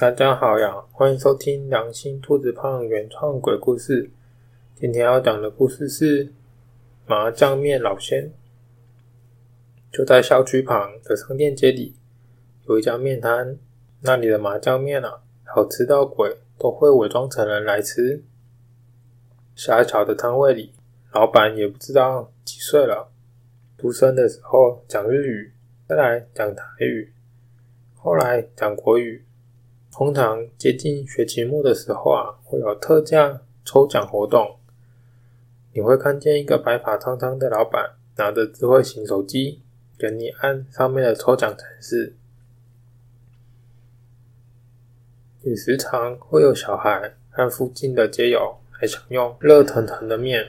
大家好呀，歡迎收聽《良心兔子胖》原創鬼故事。今天要講的故事是麻醬面老仙。就在校區旁的商店街裡，有一家面攤，那裡的麻醬面啊，好吃到鬼都會偽裝成人來吃。狹小的攤位裡，老板也不知道幾歲了。出生的時候講日語，再來講台語，後來講國語。通常接近學期末的時候啊，會有特價抽獎活動。你會看見一個白髮蒼蒼的老闆拿着智慧型手機，給你按上面的抽獎程式。也時常會有小孩跟附近的街友還享用熱騰騰的麵，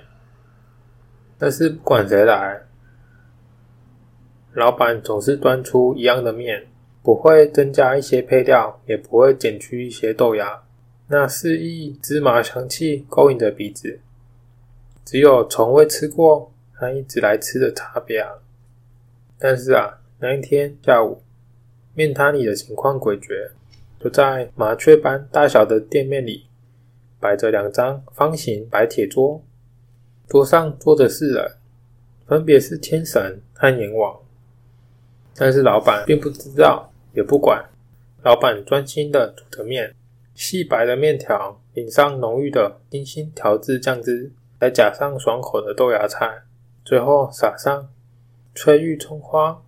但是不管誰來，老闆總是端出一樣的麵。不會增加一些配料，也不會減去一些豆芽。那肆意芝麻香氣勾引着鼻子，只有從未吃過和一直來吃的差別啊。但是啊，那一天下午，麵攤裡的情況詭譎。就在麻雀般大小的店面裡，擺着兩張方形白鐵桌，桌上坐着四人，分別是天神和閻王。但是老板並不知道。也不管，老闆專心的煮着麵，細白的麵條淋上濃郁的精心調制醬汁，再加上爽口的豆芽菜，最後撒上翠玉蔥花。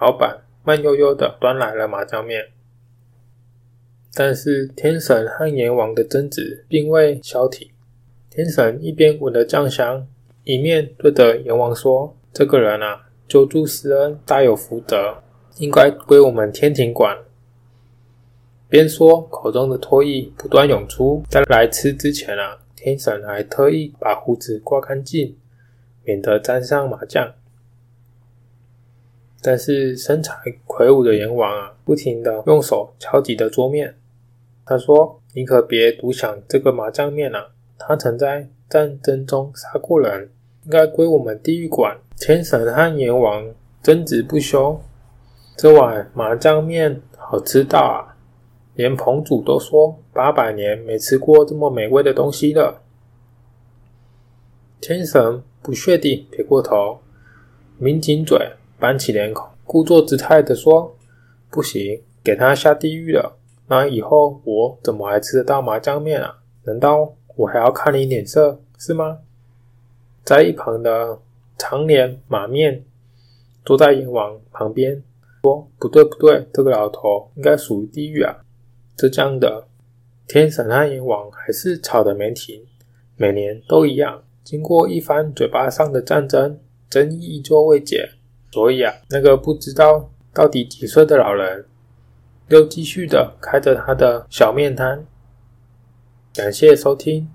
老闆慢悠悠的端來了麻醬麵。但是天神和閻王的爭執並未消停，天神一邊聞着醬香，一面對着閻王說：“這個人啊，救助施恩，大有福德。”應該歸我們天庭管。邊說，口中的唾液不斷湧出。在來吃之前啊，天神還特意把鬍子刮乾淨，免得沾上麻醬。但是身材魁梧的閻王啊，不停的用手敲擊着桌面，他說：“你可別獨享這個麻醬麵了啊。”他曾在戰爭中殺過人，應該歸我們地獄管。天神和閻王爭執不休。這碗麻醬麵好吃到啊！連彭祖都說八百年沒吃過這麼美味的東西了。天神不屑地撇過頭，抿緊嘴，板起臉孔，故作姿態地說：“不行，給他下地獄了。那以後我怎麼還吃得到麻醬麵啊？難道我還要看你臉色是嗎？”在一旁的長臉馬面坐在閻王旁邊。說不對不對，這個老頭應該屬於地獄啊！這樣的天神和閻王還是吵得沒停，每年都一樣。經過一番嘴巴上的戰爭，爭議依舊未解。所以啊，那個不知道到底幾歲的老人，又繼續的開着他的小麵攤。感謝收聽，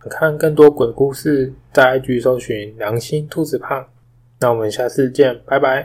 看更多鬼故事，在 IG 搜尋良心兔子胖。那我們下次見，拜拜。